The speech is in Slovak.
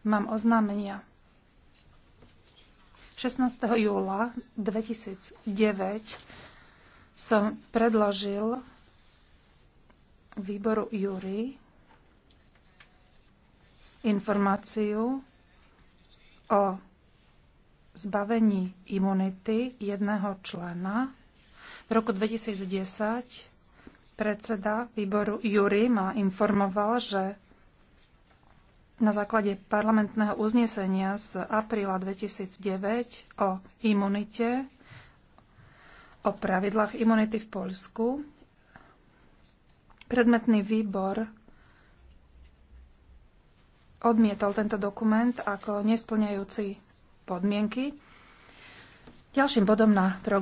Mám oznámenia. 16. júla 2009 som predložil výboru Júry informáciu o zbavení imunity jedného člena. V roku 2010 predseda výboru Júry ma informoval, že na základe parlamentného uznesenia z apríla 2009 o imunite, o pravidlách imunity v Poľsku. Predmetný výbor odmietal tento dokument ako nesplňajúci podmienky. Ďalším bodom na program